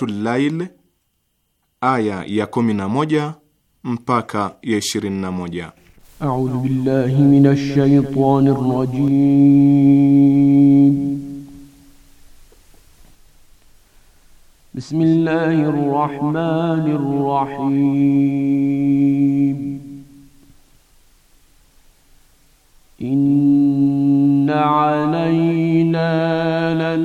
Suratul Lail aya ya kumi 11 mpaka ya 21. A'udhu billahi minash shaitanir rajim. Bismillahir rahmanir rahim. Inna alayna lal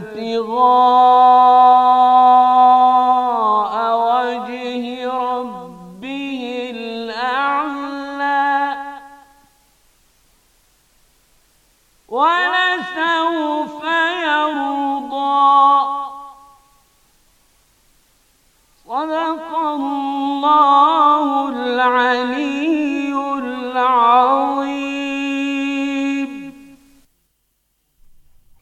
ابتغاء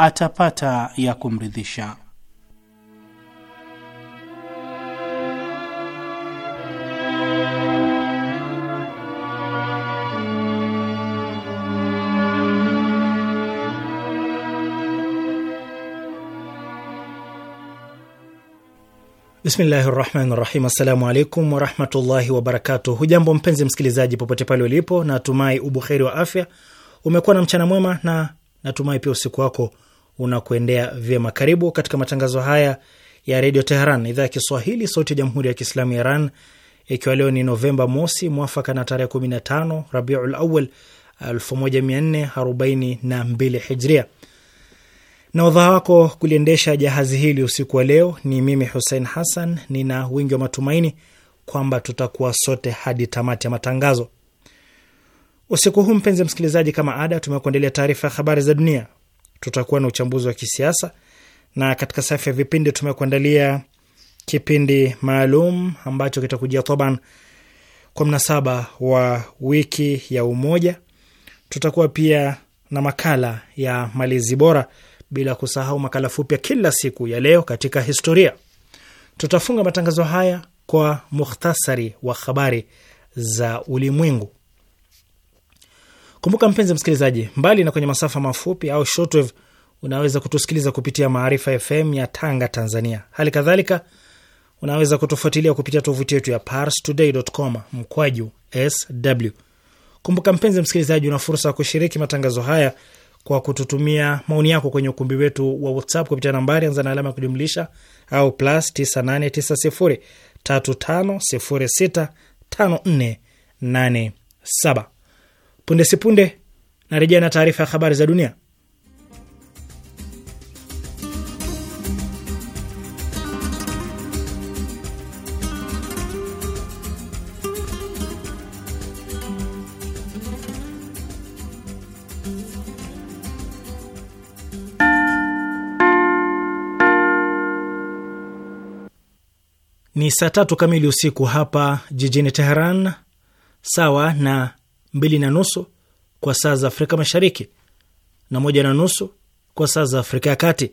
atapata ya kumridhisha. Bismillahi rahmani rahim. Assalamu alaikum warahmatullahi wabarakatuh. Hujambo mpenzi msikilizaji, popote pale ulipo, natumai ubuheri wa afya, umekuwa na mchana mwema, na natumai pia usiku wako unakuendea vyema. Karibu katika matangazo haya ya Redio Teheran, idhaa ya Kiswahili, sauti ya Jamhuri ya Kiislamu ya Iran, ikiwa leo ni Novemba mosi mwafaka na tarehe 15 Rabiul Awal 1442 Hijria na udhaa wako kuliendesha jahazi hili usiku wa leo ni mimi Hussein Hassan. Nina wingi wa matumaini kwamba tutakuwa sote hadi tamati ya matangazo usiku huu. Mpenzi msikilizaji, kama ada, tumekuandalia taarifa ya habari za dunia, tutakuwa na uchambuzi wa kisiasa, na katika safu ya vipindi tumekuandalia kipindi maalum ambacho kitakujia toban kwa mnasaba wa wiki ya umoja. Tutakuwa pia na makala ya malezi bora, bila kusahau makala fupi ya kila siku ya leo katika historia. Tutafunga matangazo haya kwa mukhtasari wa habari za ulimwengu. Kumbuka mpenzi msikilizaji, mbali na kwenye masafa mafupi au shortwave, unaweza kutusikiliza kupitia Maarifa FM ya Tanga, Tanzania. Hali kadhalika unaweza kutufuatilia kupitia tovuti yetu ya parstoday.com mkwaju sw. Kumbuka mpenzi msikilizaji, una fursa ya kushiriki matangazo haya kwa kututumia maoni yako kwenye ukumbi wetu wa WhatsApp kupitia nambari anza na alama ya kujumlisha au plus 989035065487. Punde sipunde narejea na taarifa ya habari za dunia. Ni saa tatu kamili usiku hapa jijini Teheran, sawa na mbili na nusu kwa saa za Afrika Mashariki na moja na nusu kwa saa za Afrika ya Kati.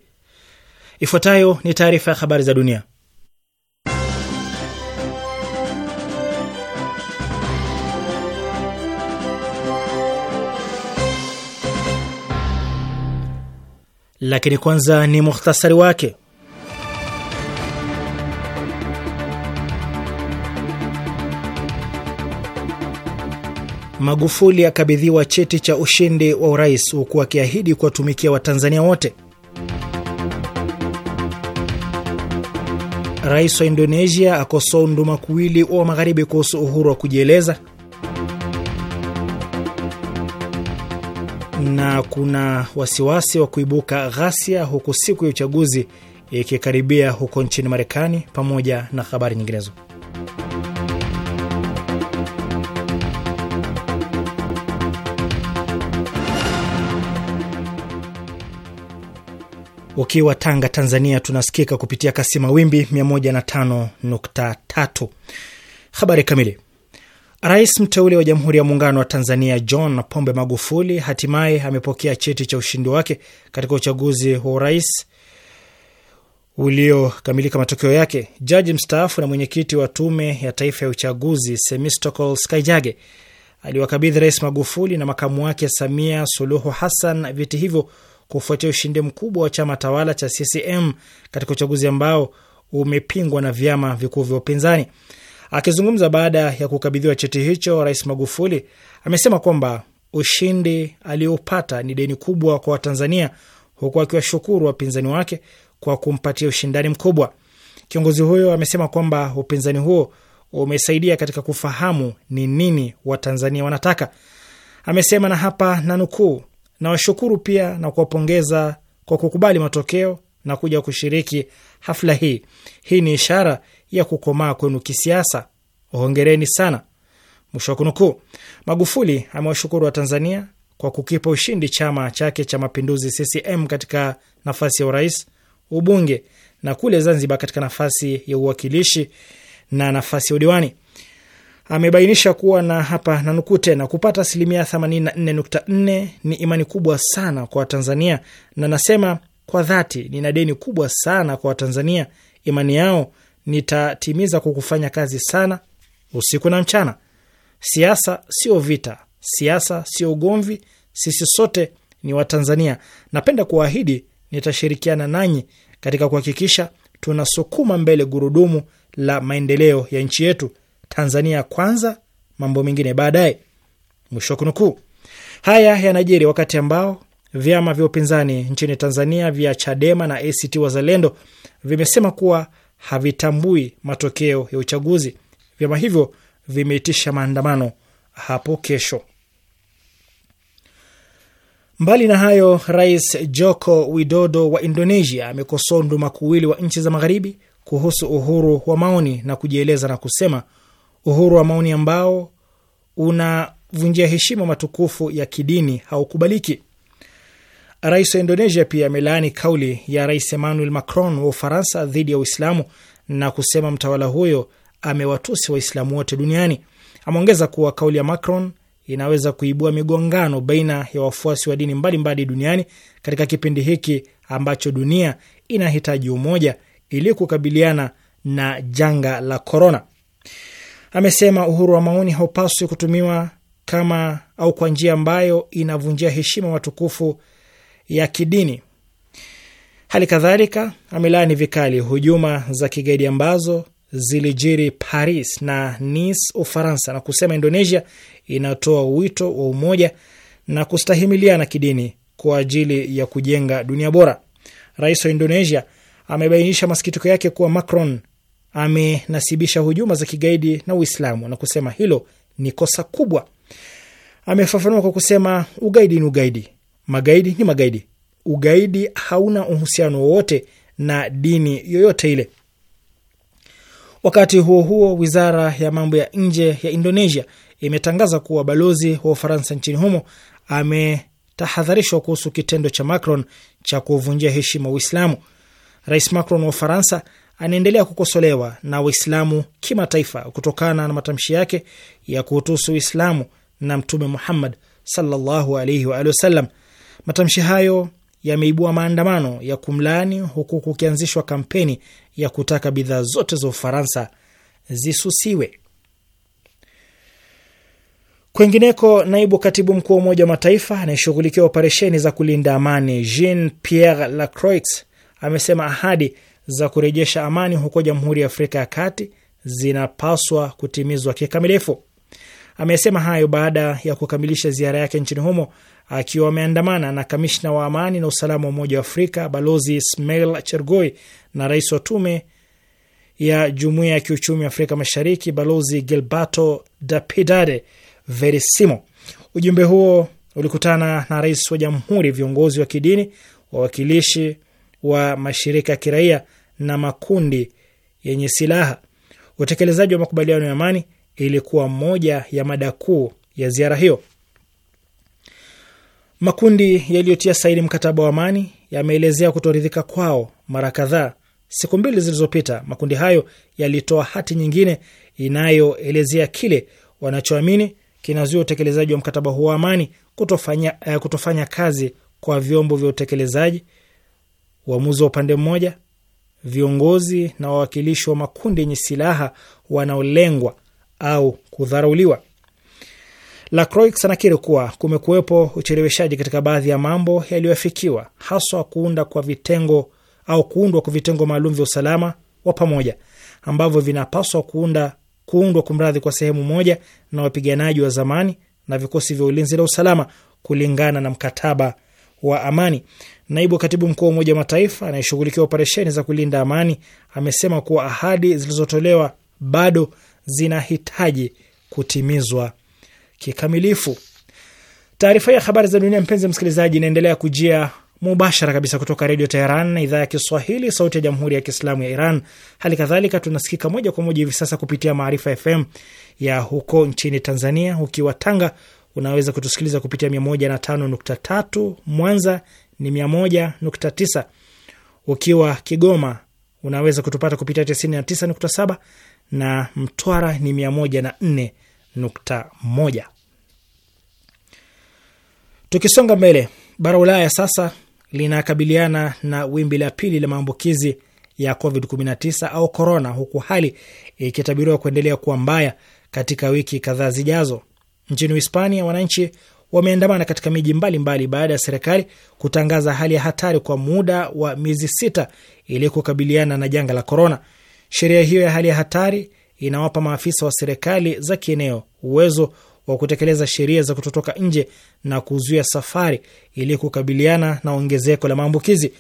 Ifuatayo ni taarifa ya habari za dunia, lakini kwanza ni muhtasari wake. Magufuli akabidhiwa cheti cha ushindi wa urais huku akiahidi kuwatumikia Watanzania wote. Rais wa Indonesia akosoa undumakuwili wa magharibi kuhusu uhuru wa kujieleza, na kuna wasiwasi wa kuibuka ghasia huku siku ya uchaguzi ikikaribia huko nchini Marekani, pamoja na habari nyinginezo. ukiwa Tanga, Tanzania, tunasikika kupitia kasi mawimbi 105.3. Habari kamili. Rais mteule wa Jamhuri ya Muungano wa Tanzania John Pombe Magufuli hatimaye amepokea cheti cha ushindi wake katika uchaguzi wa urais uliokamilika matokeo yake. Jaji mstaafu na mwenyekiti wa Tume ya Taifa ya Uchaguzi Semistocles Kaijage aliwakabidhi Rais Magufuli na makamu wake Samia Suluhu Hassan vyeti hivyo kufuatia ushindi mkubwa wa chama tawala cha CCM katika uchaguzi ambao umepingwa na vyama vikuu vya upinzani. Akizungumza baada ya kukabidhiwa cheti hicho, Rais Magufuli amesema kwamba ushindi aliopata ni deni kubwa kwa Watanzania, huku akiwashukuru wapinzani wake kwa kumpatia ushindani mkubwa. Kiongozi huyo amesema kwamba upinzani huo umesaidia katika kufahamu ni nini Watanzania wanataka. Amesema na hapa na nukuu, Nawashukuru pia na kuwapongeza kwa kukubali matokeo na kuja kushiriki hafla hii. Hii ni ishara ya kukomaa kwenu kisiasa, hongereni sana. Mwisho wa kunukuu. Magufuli amewashukuru wa tanzania kwa kukipa ushindi chama chake cha mapinduzi CCM katika nafasi ya urais, ubunge na kule Zanzibar katika nafasi ya uwakilishi na nafasi ya udiwani amebainisha kuwa na hapa na nukuu tena, kupata asilimia 84.4 ni imani kubwa sana kwa Watanzania, na nasema kwa dhati, nina deni kubwa sana kwa Watanzania, imani yao nitatimiza kwa kufanya kazi sana usiku na mchana. Siasa sio vita, siasa sio ugomvi, sisi sote ni Watanzania. Napenda kuwaahidi nitashirikiana nanyi katika kuhakikisha tunasukuma mbele gurudumu la maendeleo ya nchi yetu. Tanzania kwanza, mambo mengine baadaye, mwisho wa kunukuu. Haya yanajiri wakati ambao vyama vya upinzani nchini Tanzania vya Chadema na ACT Wazalendo vimesema kuwa havitambui matokeo ya uchaguzi. Vyama hivyo vimeitisha maandamano hapo kesho. Mbali na hayo, Rais Joko Widodo wa Indonesia amekosoa ndumakuwili wa nchi za magharibi kuhusu uhuru wa maoni na kujieleza na kusema uhuru wa maoni ambao unavunjia heshima matukufu ya kidini haukubaliki. Rais wa Indonesia pia amelaani kauli ya Rais Emmanuel Macron wa Ufaransa dhidi ya Uislamu na kusema mtawala huyo amewatusi Waislamu wote duniani. Ameongeza kuwa kauli ya Macron inaweza kuibua migongano baina ya wafuasi wa dini mbalimbali duniani katika kipindi hiki ambacho dunia inahitaji umoja ili kukabiliana na janga la korona amesema uhuru wa maoni haupaswi kutumiwa kama au kwa njia ambayo inavunjia heshima matukufu ya kidini. Hali kadhalika amelaani vikali hujuma za kigaidi ambazo zilijiri Paris na Nice, Ufaransa, na kusema Indonesia inatoa wito wa umoja na kustahimiliana kidini kwa ajili ya kujenga dunia bora. Rais wa Indonesia amebainisha masikitiko yake kuwa Macron amenasibisha hujuma za kigaidi na Uislamu na kusema hilo ni kosa kubwa. Amefafanua kwa kusema ugaidi ni ugaidi, magaidi ni magaidi. Ugaidi hauna uhusiano wowote na dini yoyote ile. Wakati huo huo, wizara ya mambo ya nje ya Indonesia imetangaza kuwa balozi wa Ufaransa nchini humo ametahadharishwa kuhusu kitendo cha Macron cha kuvunjia heshima Uislamu. Rais Macron wa Ufaransa anaendelea kukosolewa na Waislamu kimataifa kutokana na matamshi yake ya kuhutusu Uislamu na Mtume Muhammad sallallahu alaihi wasallam. Matamshi hayo yameibua maandamano ya kumlaani huku kukianzishwa kampeni ya kutaka bidhaa zote za Ufaransa zisusiwe. Kwingineko, naibu katibu mkuu wa Umoja wa Mataifa anayeshughulikia operesheni za kulinda amani Jean Pierre Lacroix amesema ahadi za kurejesha amani huko Jamhuri ya Afrika ya Kati zinapaswa kutimizwa kikamilifu. Amesema hayo baada ya kukamilisha ziara yake nchini humo akiwa ameandamana na kamishna wa amani na usalama wa Umoja wa Afrika Balozi Ismail Chergoi na rais wa Tume ya Jumuiya ya Kiuchumi Afrika Mashariki Balozi Gilberto Dapidade Verissimo. Ujumbe huo ulikutana na rais wa jamhuri, viongozi wa kidini, wawakilishi wa mashirika ya kiraia na makundi yenye silaha. Utekelezaji wa makubaliano ya amani ilikuwa moja ya mada kuu ya ziara hiyo. Makundi yaliyotia saini mkataba wa amani yameelezea kutoridhika kwao mara kadhaa. Siku mbili zilizopita, makundi hayo yalitoa hati nyingine inayoelezea kile wanachoamini kinazuia utekelezaji wa mkataba huo wa amani kutofanya, eh, kutofanya kazi kwa vyombo vya utekelezaji, uamuzi wa upande mmoja viongozi na wawakilishi wa makundi yenye silaha wanaolengwa au kudharauliwa. Lacroix anakiri kuwa kumekuwepo ucheleweshaji katika baadhi ya mambo yaliyoafikiwa, haswa kuunda kwa vitengo au kuundwa kwa vitengo maalum vya usalama wa pamoja ambavyo vinapaswa kuunda kuundwa kumradhi, kwa sehemu moja na wapiganaji wa zamani na vikosi vya ulinzi na usalama kulingana na mkataba wa amani. Naibu katibu mkuu wa Umoja wa Mataifa anayeshughulikia operesheni za kulinda amani amesema kuwa ahadi zilizotolewa bado zinahitaji kutimizwa kikamilifu. Taarifa ya habari za dunia, mpenzi msikilizaji, inaendelea kujia mubashara kabisa kutoka Redio Teheran idhaa ya Kiswahili, sauti ya jamhuri ya kiislamu ya Iran. Hali kadhalika tunasikika moja kwa moja hivi sasa kupitia Maarifa FM ya huko nchini Tanzania. Ukiwa Tanga unaweza kutusikiliza kupitia 105.3 Mwanza, ni 101.9. Ukiwa Kigoma unaweza kutupata kupitia 99.7 na Mtwara ni 104.1. Tukisonga mbele, bara Ulaya sasa linakabiliana na wimbi la pili la maambukizi ya COVID-19 au corona, huku hali ikitabiriwa kuendelea kuwa mbaya katika wiki kadhaa zijazo. Nchini Hispania, wananchi wameandamana katika miji mbalimbali baada ya serikali kutangaza hali ya hatari kwa muda wa miezi sita ili kukabiliana na janga la korona. Sheria hiyo ya hali ya hatari inawapa maafisa wa serikali za kieneo uwezo wa kutekeleza sheria za kutotoka nje na kuzuia safari ili kukabiliana na ongezeko la maambukizi.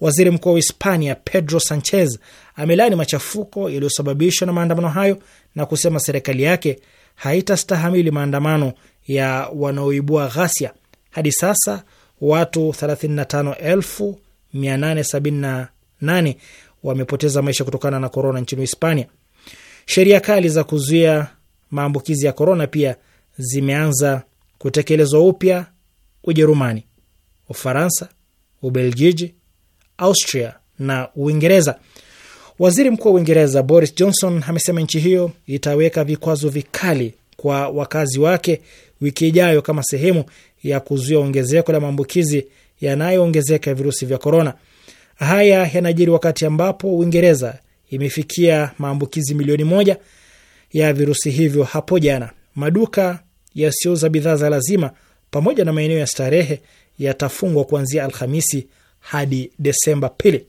Waziri Mkuu wa Hispania Pedro Sanchez amelaani machafuko yaliyosababishwa na maandamano hayo na kusema serikali yake haitastahamili maandamano ya wanaoibua ghasia. Hadi sasa watu 35,878 wamepoteza maisha kutokana na korona nchini Hispania. Sheria kali za kuzuia maambukizi ya korona pia zimeanza kutekelezwa upya Ujerumani, Ufaransa, Ubelgiji, Austria na Uingereza. Waziri Mkuu wa Uingereza Boris Johnson amesema nchi hiyo itaweka vikwazo vikali kwa wakazi wake wiki ijayo kama sehemu ya kuzuia ongezeko la maambukizi yanayoongezeka ya virusi vya korona. Haya yanajiri wakati ambapo Uingereza imefikia maambukizi milioni moja ya virusi hivyo hapo jana. Maduka yasiyouza bidhaa za lazima pamoja na maeneo ya starehe yatafungwa kuanzia Alhamisi hadi Desemba pili,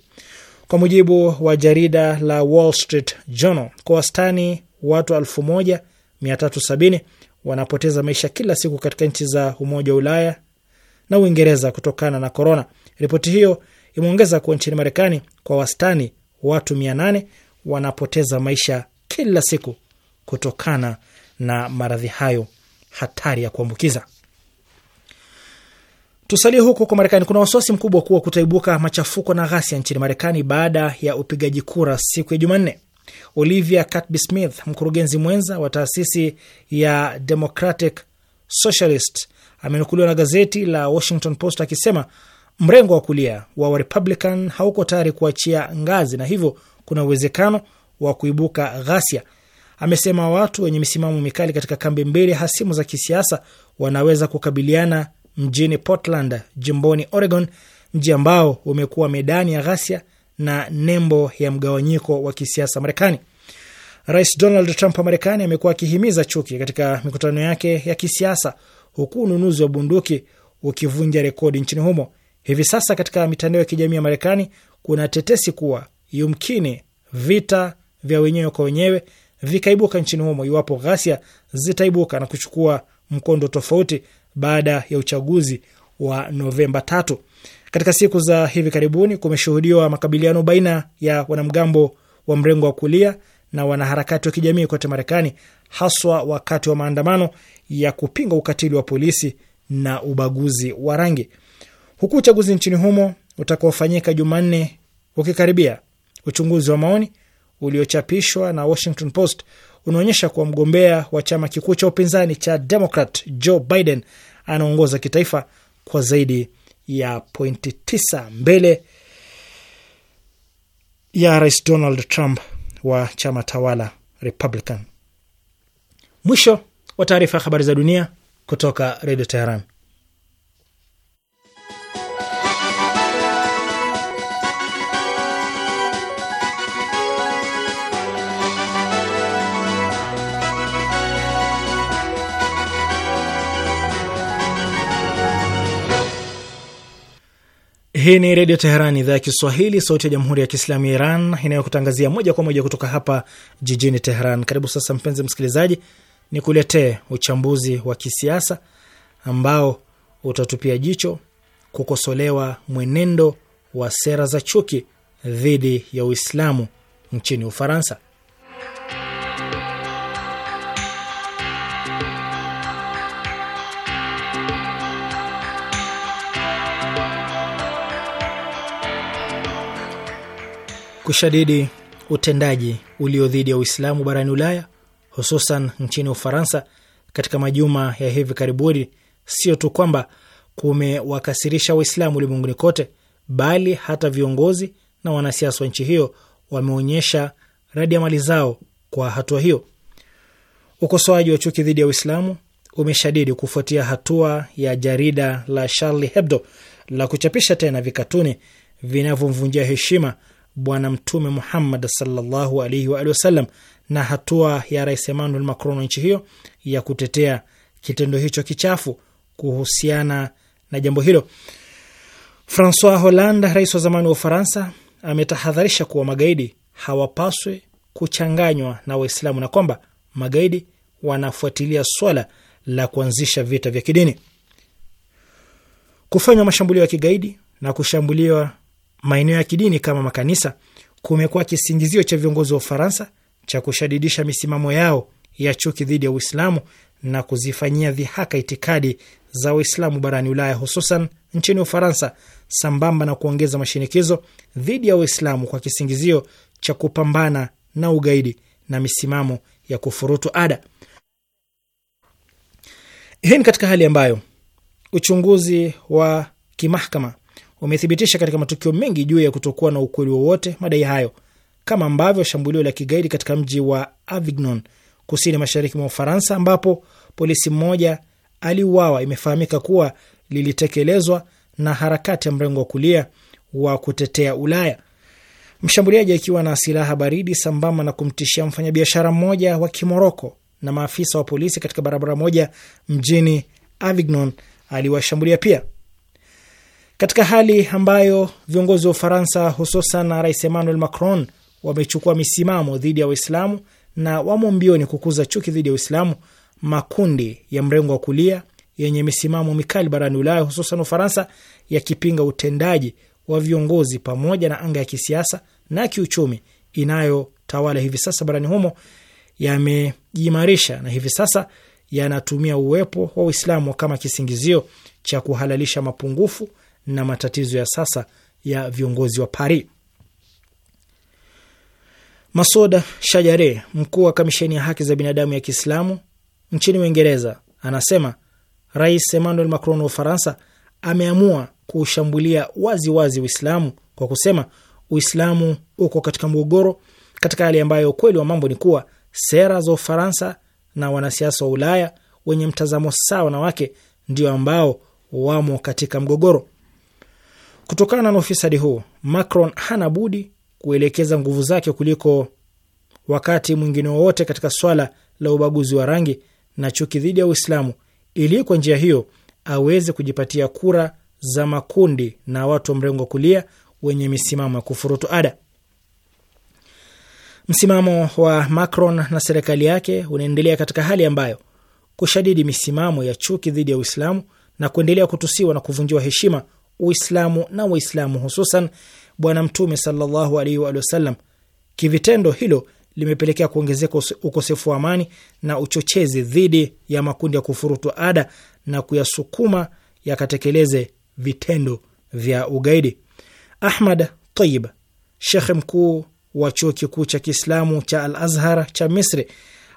kwa mujibu wa jarida la Wall Street Journal. Kwa wastani watu elfu moja 370 wanapoteza maisha kila siku katika nchi za Umoja wa Ulaya na Uingereza kutokana na korona. Ripoti hiyo imeongeza kuwa nchini Marekani kwa wastani watu 800 wanapoteza maisha kila siku kutokana na maradhi hayo hatari ya kuambukiza. Tusalie huko kwa Marekani. Kuna wasiwasi mkubwa kuwa kutaibuka machafuko na ghasia nchini Marekani baada ya upigaji kura siku ya Jumanne. Olivia Catby Smith, mkurugenzi mwenza wa taasisi ya Democratic Socialist, amenukuliwa na gazeti la Washington Post akisema mrengo wa kulia wa Warepublican hauko tayari kuachia ngazi na hivyo kuna uwezekano wa kuibuka ghasia. Amesema watu wenye misimamo mikali katika kambi mbili hasimu za kisiasa wanaweza kukabiliana mjini Portland, jimboni Oregon, mji ambao umekuwa medani ya ghasia na nembo ya mgawanyiko wa kisiasa Marekani. Rais Donald Trump wa Marekani amekuwa akihimiza chuki katika mikutano yake ya kisiasa, huku ununuzi wa bunduki ukivunja rekodi nchini humo. Hivi sasa katika mitandao ya kijamii ya Marekani kuna tetesi kuwa yumkini vita vya wenyewe kwa wenyewe vikaibuka nchini humo iwapo ghasia zitaibuka na kuchukua mkondo tofauti baada ya uchaguzi wa Novemba tatu. Katika siku za hivi karibuni kumeshuhudiwa makabiliano baina ya wanamgambo wa mrengo wa kulia na wanaharakati wa kijamii kote Marekani, haswa wakati wa maandamano ya kupinga ukatili wa polisi na ubaguzi wa rangi. Huku uchaguzi nchini humo utakaofanyika Jumanne ukikaribia, uchunguzi wa maoni uliochapishwa na Washington Post unaonyesha kuwa mgombea wa chama kikuu cha upinzani cha Democrat Joe Biden anaongoza kitaifa kwa zaidi ya pointi tisa mbele ya Rais Donald Trump wa chama tawala Republican. Mwisho wa taarifa ya habari za dunia kutoka Redio Teheran. Hii ni Redio Teheran, idhaa ya Kiswahili, sauti ya Jamhuri ya Kiislamu ya Iran, inayokutangazia moja kwa moja kutoka hapa jijini Teheran. Karibu sasa, mpenzi msikilizaji, ni kuletee uchambuzi wa kisiasa ambao utatupia jicho kukosolewa mwenendo wa sera za chuki dhidi ya Uislamu nchini Ufaransa. Kushadidi utendaji ulio dhidi ya Uislamu barani Ulaya, hususan nchini Ufaransa katika majuma ya hivi karibuni, sio tu kwamba kumewakasirisha Waislamu ulimwenguni kote, bali hata viongozi na wanasiasa wa nchi hiyo wameonyesha radi ya mali zao kwa hatua hiyo. Ukosoaji wa chuki dhidi ya Uislamu umeshadidi kufuatia hatua ya jarida la Charlie Hebdo la kuchapisha tena vikatuni vinavyomvunjia heshima Bwana Mtume Muhammad sallallahu alaihi wa alihi wasallam na hatua ya Rais Emmanuel Macron wa nchi hiyo ya kutetea kitendo hicho kichafu. Kuhusiana na jambo hilo, Francois Hollande, rais wa zamani wa Ufaransa, ametahadharisha kuwa magaidi hawapaswi kuchanganywa na Waislamu na kwamba magaidi wanafuatilia swala la kuanzisha vita vya kidini. Kufanywa mashambulio ya kigaidi na kushambuliwa maeneo ya kidini kama makanisa kumekuwa kisingizio cha viongozi wa Ufaransa cha kushadidisha misimamo yao ya chuki dhidi ya Uislamu na kuzifanyia dhihaka itikadi za Waislamu barani Ulaya, hususan nchini Ufaransa, sambamba na kuongeza mashinikizo dhidi ya Waislamu kwa kisingizio cha kupambana na ugaidi na misimamo ya kufurutu ada. Hii ni katika hali ambayo uchunguzi wa kimahakama wamethibitisha katika matukio mengi juu ya kutokuwa na ukweli wowote madai hayo, kama ambavyo shambulio la kigaidi katika mji wa Avignon kusini mashariki mwa Ufaransa, ambapo polisi mmoja aliuawa, imefahamika kuwa lilitekelezwa na harakati ya mrengo wa kulia wa kutetea Ulaya, mshambuliaji akiwa na silaha baridi sambamba na kumtishia mfanyabiashara mmoja wa Kimoroko na maafisa wa polisi katika barabara moja mjini Avignon aliwashambulia pia katika hali ambayo viongozi wa Ufaransa hususan Rais Emmanuel Macron wamechukua misimamo dhidi ya Waislamu na wamo mbioni kukuza chuki dhidi ya Waislamu, makundi ya mrengo wa kulia yenye misimamo mikali barani Ulaya hususan Ufaransa yakipinga utendaji wa viongozi pamoja na anga ya kisiasa na kiuchumi inayotawala hivi sasa barani humo yamejiimarisha na hivi sasa yanatumia uwepo wa Uislamu kama kisingizio cha kuhalalisha mapungufu na matatizo ya sasa ya viongozi wa Paris. Masoda Shajare, mkuu wa kamisheni ya haki za binadamu ya Kiislamu nchini Uingereza, anasema Rais Emmanuel Macron wa Ufaransa ameamua kuushambulia waziwazi Uislamu kwa kusema Uislamu uko katika mgogoro, katika hali ambayo ukweli wa mambo ni kuwa sera za Ufaransa na wanasiasa wa Ulaya wenye mtazamo sawa na wake ndio ambao wamo katika mgogoro. Kutokana na ufisadi huu, Macron hana budi kuelekeza nguvu zake kuliko wakati mwingine wowote katika swala la ubaguzi wa rangi na chuki dhidi ya Uislamu ili kwa njia hiyo aweze kujipatia kura za makundi na watu wa mrengo kulia wenye misimamo ya kufurutu ada. Msimamo wa Macron na serikali yake unaendelea katika hali ambayo kushadidi misimamo ya chuki dhidi ya Uislamu na kuendelea kutusiwa na kuvunjiwa heshima Uislamu na Waislamu, hususan Bwana Mtume sallallahu alaihi wa sallam. Kivitendo hilo limepelekea kuongezeka ukosefu wa amani na uchochezi dhidi ya makundi ya kufurutu ada na kuyasukuma yakatekeleze vitendo vya ugaidi. Ahmad Tayib, shekhe mkuu wa chuo kikuu cha Kiislamu cha Al Azhar cha Misri,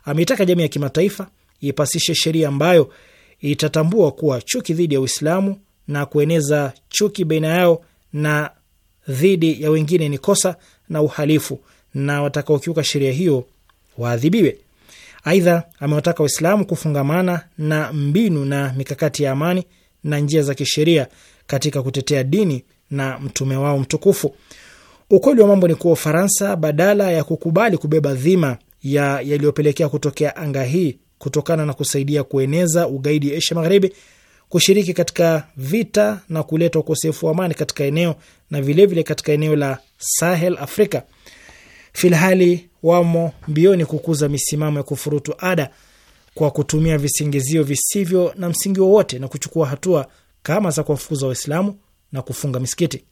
ameitaka jamii ya kimataifa ipasishe sheria ambayo itatambua kuwa chuki dhidi ya Uislamu na kueneza chuki baina yao na dhidi ya wengine ni kosa na uhalifu, na watakaokiuka sheria hiyo waadhibiwe. Aidha, amewataka Waislamu kufungamana na mbinu na mikakati ya amani na njia za kisheria katika kutetea dini na mtume wao mtukufu. Ukweli wa mambo ni kuwa Ufaransa, badala ya kukubali kubeba dhima ya yaliyopelekea kutokea anga hii kutokana na kusaidia kueneza ugaidi Asia Magharibi, kushiriki katika vita na kuleta ukosefu wa amani katika eneo na vilevile vile katika eneo la Sahel Afrika, filhali wamo mbioni kukuza misimamo ya kufurutu ada kwa kutumia visingizio visivyo na msingi wowote na kuchukua hatua kama za kuwafukuza Waislamu na kufunga misikiti.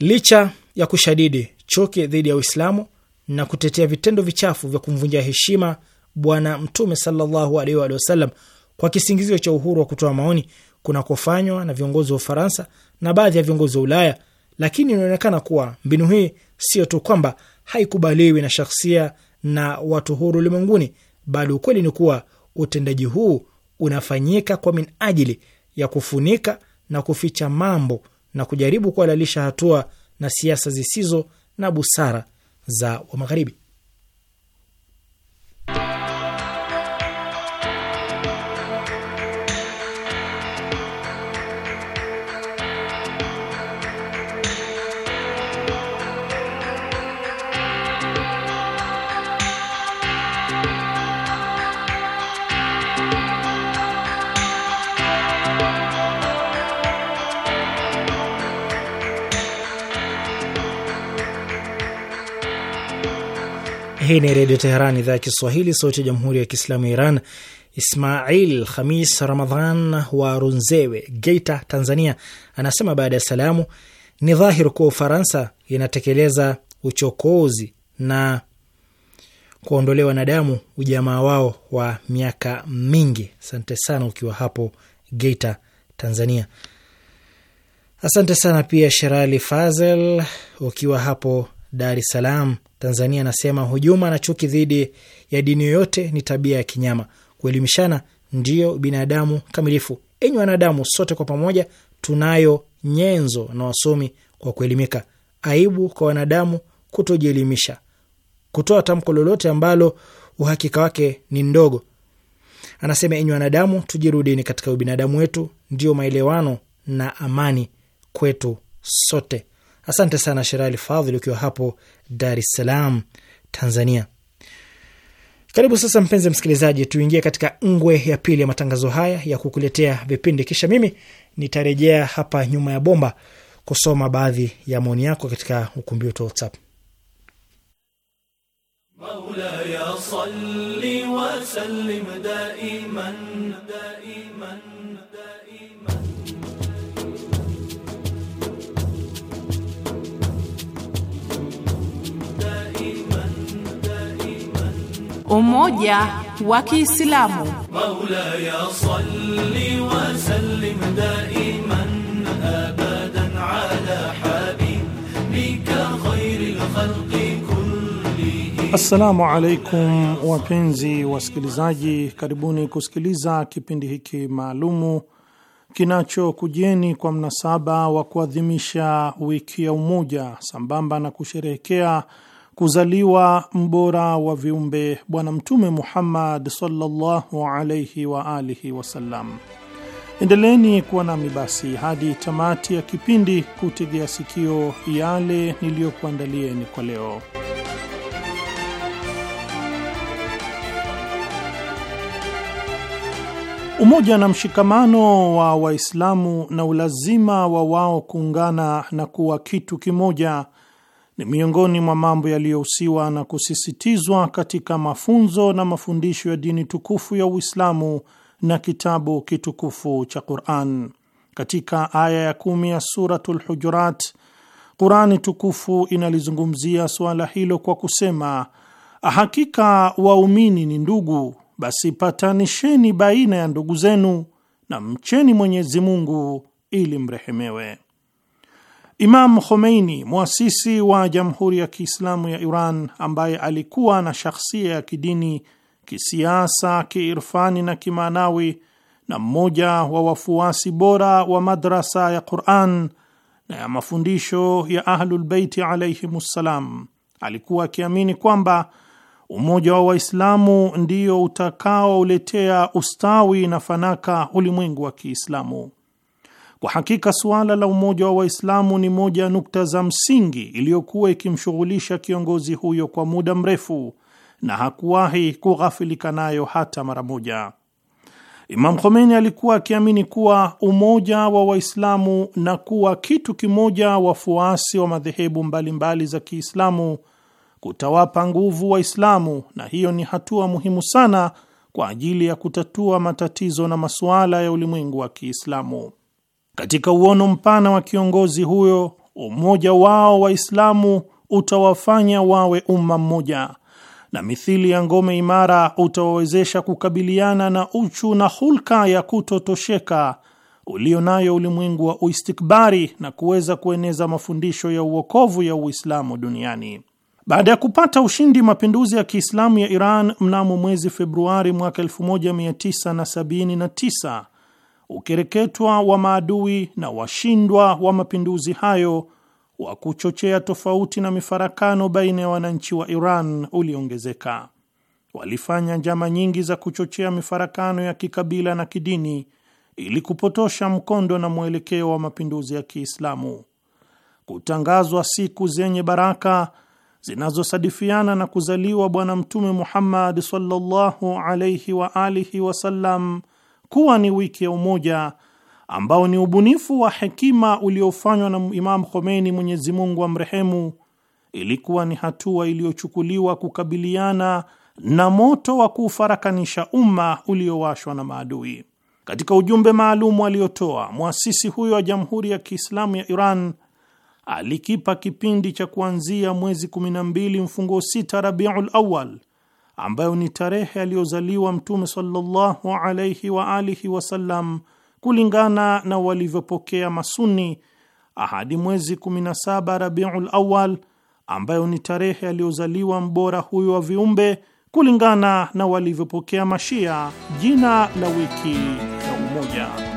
Licha ya kushadidi chuki dhidi ya Uislamu na kutetea vitendo vichafu vya kumvunjia heshima Bwana Mtume sallallahu alaihi wa sallam kwa kisingizio cha uhuru wa kutoa maoni kunakofanywa na viongozi wa Ufaransa na baadhi ya viongozi wa Ulaya, lakini inaonekana kuwa mbinu hii sio tu kwamba haikubaliwi na shahsia na watu huru ulimwenguni, bali ukweli ni kuwa utendaji huu unafanyika kwa minajili ya kufunika na kuficha mambo na kujaribu kuhalalisha hatua na siasa zisizo na busara za wa Magharibi. Hii ni Redio Teheran, idhaa ya Kiswahili, sauti ya Jamhuri ya Kiislamu ya Iran. Ismail Khamis Ramadhan wa Runzewe, Geita, Tanzania, anasema baada ya salamu, ni dhahiri kuwa Ufaransa inatekeleza uchokozi na kuondolewa na damu ujamaa wao wa miaka mingi. Asante sana ukiwa hapo Geita, Tanzania. Asante sana pia Sherali Fazel ukiwa hapo Dar es Salaam, Tanzania, anasema hujuma na chuki dhidi ya dini yoyote ni tabia ya kinyama. Kuelimishana ndiyo binadamu kamilifu. Enyi wanadamu, sote kwa pamoja tunayo nyenzo na wasomi kwa kuelimika. Aibu kwa wanadamu kutojielimisha, kutoa tamko lolote ambalo uhakika wake ni ndogo. Anasema, enyi wanadamu, tujirudini katika ubinadamu wetu, ndio maelewano na amani kwetu sote. Asante sana Sherali Fadhili, ukiwa hapo Dar es Salaam, Tanzania. Karibu sasa, mpenzi msikilizaji, tuingie katika ngwe ya pili ya matangazo haya ya kukuletea vipindi, kisha mimi nitarejea hapa nyuma ya bomba kusoma baadhi ya maoni yako katika ukumbi wetu wa WhatsApp. Maulaya salli wa sallim daiman, daiman. umoja wa Kiislamu. Maula ya salli wa sallim daiman abadan ala habibika khairil khalqi kullihim. Assalamu alaikum wapenzi wasikilizaji, karibuni kusikiliza kipindi hiki maalumu kinachokujeni kwa mnasaba wa kuadhimisha wiki ya umoja sambamba na kusherehekea kuzaliwa mbora wa viumbe Bwana Mtume Muhammad sallallahu alaihi wa alihi wasallam. Endeleeni kuwa nami basi hadi tamati ya kipindi, kutegea sikio yale niliyokuandalieni kwa leo. Umoja na mshikamano wa Waislamu na ulazima wa wao kuungana na kuwa kitu kimoja ni miongoni mwa mambo yaliyohusiwa na kusisitizwa katika mafunzo na mafundisho ya dini tukufu ya Uislamu na kitabu kitukufu cha Quran. Katika aya ya kumi ya Suratul Hujurat, Qurani tukufu inalizungumzia suala hilo kwa kusema, hakika waumini ni ndugu, basi patanisheni baina ya ndugu zenu na mcheni Mwenyezi Mungu ili mrehemewe. Imam Khomeini, muasisi wa Jamhuri ya Kiislamu ya Iran, ambaye alikuwa na shakhsia ya kidini, kisiasa, kiirfani na kimaanawi na mmoja wa wafuasi bora wa madrasa ya Quran na ya mafundisho ya Ahlulbeiti alayhimussalam, alikuwa akiamini kwamba umoja wa Waislamu ndio utakaouletea ustawi na fanaka ulimwengu wa Kiislamu. Kwa hakika suala la umoja wa Waislamu ni moja ya nukta za msingi iliyokuwa ikimshughulisha kiongozi huyo kwa muda mrefu na hakuwahi kughafilika nayo hata mara moja. Imam Khomeini alikuwa akiamini kuwa umoja wa Waislamu na kuwa kitu kimoja wafuasi wa madhehebu mbalimbali za Kiislamu kutawapa nguvu Waislamu, na hiyo ni hatua muhimu sana kwa ajili ya kutatua matatizo na masuala ya ulimwengu wa Kiislamu. Katika uono mpana wa kiongozi huyo, umoja wao Waislamu utawafanya wawe umma mmoja, na mithili ya ngome imara utawawezesha kukabiliana na uchu na hulka ya kutotosheka ulio nayo ulimwengu wa uistikbari na kuweza kueneza mafundisho ya uokovu ya Uislamu duniani. Baada ya kupata ushindi mapinduzi ya Kiislamu ya Iran mnamo mwezi Februari mwaka 1979 ukereketwa wa maadui na washindwa wa mapinduzi hayo wa kuchochea tofauti na mifarakano baina ya wananchi wa Iran uliongezeka. Walifanya njama nyingi za kuchochea mifarakano ya kikabila na kidini ili kupotosha mkondo na mwelekeo wa mapinduzi ya Kiislamu. Kutangazwa siku zenye baraka zinazosadifiana na kuzaliwa Bwana Mtume Muhammad sallallahu alaihi wa alihi wasallam kuwa ni wiki ya umoja ambao ni ubunifu wa hekima uliofanywa na Imam Khomeini, Mwenyezi Mungu amrehemu, ilikuwa ni hatua iliyochukuliwa kukabiliana na moto wa kuufarakanisha umma uliowashwa na maadui. Katika ujumbe maalum aliotoa mwasisi huyo wa Jamhuri ya Kiislamu ya Iran alikipa kipindi cha kuanzia mwezi 12 mfungo 6 Rabiul Awal ambayo ni tarehe aliyozaliwa Mtume sallallahu alayhi wa alihi wasallam kulingana na walivyopokea Masuni, ahadi mwezi 17 Rabiul Awal ambayo ni tarehe aliyozaliwa mbora huyo wa viumbe kulingana na walivyopokea Mashia, jina la wiki ya Umoja.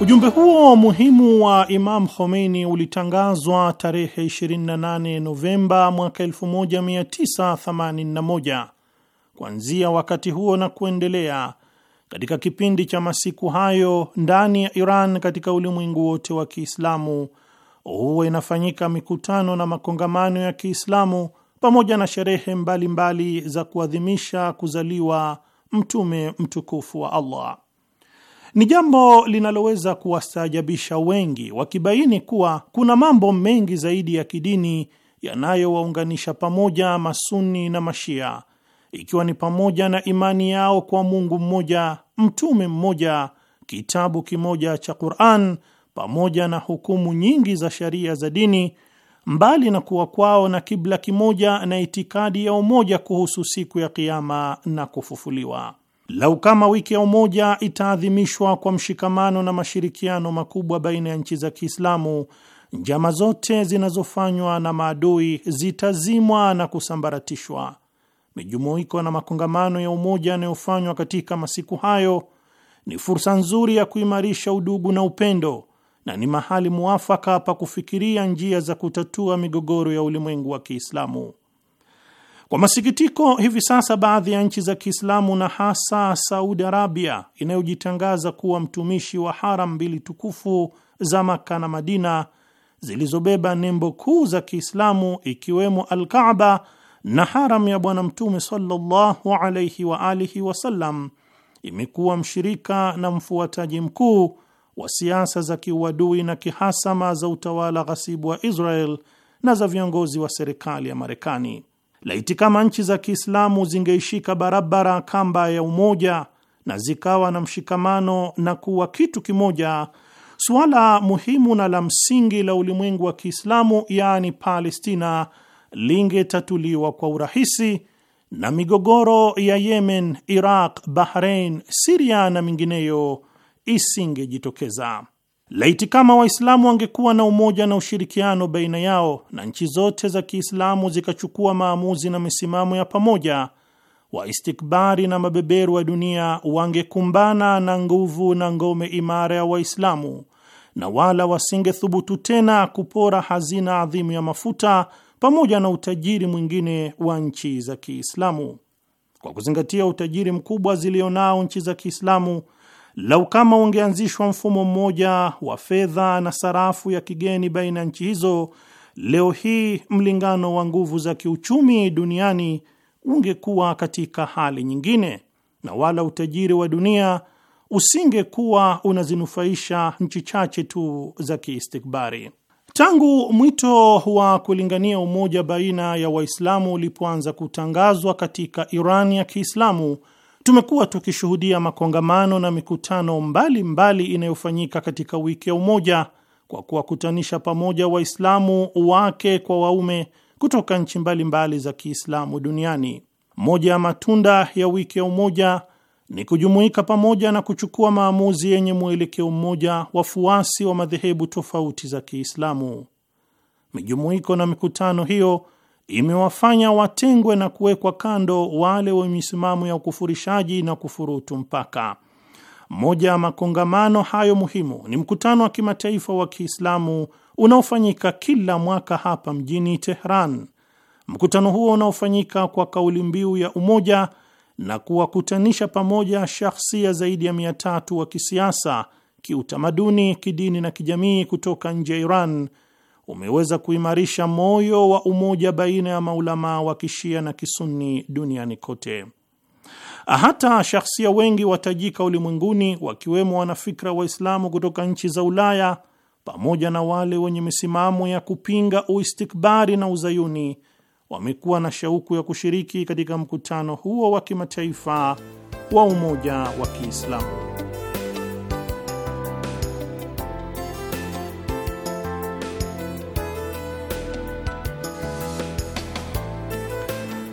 Ujumbe huo muhimu wa Imam Khomeini ulitangazwa tarehe 28 Novemba mwaka 1981. Kuanzia wakati huo na kuendelea, katika kipindi cha masiku hayo ndani ya Iran, katika ulimwengu wote wa Kiislamu huwa inafanyika mikutano na makongamano ya Kiislamu pamoja na sherehe mbalimbali mbali za kuadhimisha kuzaliwa Mtume mtukufu wa Allah. Ni jambo linaloweza kuwastaajabisha wengi, wakibaini kuwa kuna mambo mengi zaidi ya kidini yanayowaunganisha pamoja Masuni na Mashia, ikiwa ni pamoja na imani yao kwa Mungu mmoja, mtume mmoja, kitabu kimoja cha Qur'an, pamoja na hukumu nyingi za sharia za dini, mbali na kuwa kwao na kibla kimoja na itikadi ya umoja kuhusu siku ya kiama na kufufuliwa. Lau kama wiki ya Umoja itaadhimishwa kwa mshikamano na mashirikiano makubwa baina ya nchi za Kiislamu, njama zote zinazofanywa na maadui zitazimwa na kusambaratishwa. Mijumuiko na makongamano ya umoja yanayofanywa katika masiku hayo ni fursa nzuri ya kuimarisha udugu na upendo na ni mahali muafaka pa kufikiria njia za kutatua migogoro ya ulimwengu wa Kiislamu. Kwa masikitiko, hivi sasa baadhi ya nchi za Kiislamu na hasa Saudi Arabia inayojitangaza kuwa mtumishi wa haram mbili tukufu za Maka na Madina zilizobeba nembo kuu za Kiislamu ikiwemo Alkaaba na haram ya Bwana Mtume sallallahu alaihi wa alihi wasallam imekuwa mshirika na mfuataji mkuu wa siasa za kiuadui na kihasama za utawala ghasibu wa Israel na za viongozi wa serikali ya Marekani. Laiti kama nchi za Kiislamu zingeishika barabara kamba ya umoja na zikawa na mshikamano na kuwa kitu kimoja, suala muhimu na la msingi la ulimwengu wa Kiislamu, yaani Palestina, lingetatuliwa kwa urahisi na migogoro ya Yemen, Iraq, Bahrain, Siria na mingineyo isingejitokeza. Laiti kama Waislamu wangekuwa na umoja na ushirikiano baina yao na nchi zote za Kiislamu zikachukua maamuzi na misimamo ya pamoja, waistikbari na mabeberu wa dunia wangekumbana na nguvu na ngome imara ya Waislamu na wala wasingethubutu tena kupora hazina adhimu ya mafuta pamoja na utajiri mwingine wa nchi za Kiislamu. Kwa kuzingatia utajiri mkubwa zilionao nchi za Kiislamu Lau kama ungeanzishwa mfumo mmoja wa fedha na sarafu ya kigeni baina ya nchi hizo, leo hii mlingano wa nguvu za kiuchumi duniani ungekuwa katika hali nyingine, na wala utajiri wa dunia usingekuwa unazinufaisha nchi chache tu za kiistikbari. Tangu mwito wa kulingania umoja baina ya Waislamu ulipoanza kutangazwa katika Iran ya Kiislamu, Tumekuwa tukishuhudia makongamano na mikutano mbalimbali inayofanyika katika wiki ya Umoja kwa kuwakutanisha pamoja Waislamu wake kwa waume kutoka nchi mbalimbali za Kiislamu duniani. Moja ya matunda ya wiki ya Umoja ni kujumuika pamoja na kuchukua maamuzi yenye mwelekeo mmoja wafuasi wa madhehebu tofauti za Kiislamu. Mijumuiko na mikutano hiyo imewafanya watengwe na kuwekwa kando wale wenye misimamo ya ukufurishaji na kufurutu mpaka. Moja ya makongamano hayo muhimu ni mkutano wa kimataifa wa Kiislamu unaofanyika kila mwaka hapa mjini Tehran. Mkutano huo unaofanyika kwa kauli mbiu ya umoja na kuwakutanisha pamoja shahsia zaidi ya mia tatu wa kisiasa, kiutamaduni, kidini na kijamii kutoka nje ya Iran umeweza kuimarisha moyo wa umoja baina ya maulamaa wa kishia na kisuni duniani kote. Hata shahsia wengi watajika ulimwenguni wakiwemo wanafikra Waislamu kutoka nchi za Ulaya pamoja na wale wenye misimamo ya kupinga uistikbari na uzayuni wamekuwa na shauku ya kushiriki katika mkutano huo wa kimataifa wa umoja wa Kiislamu.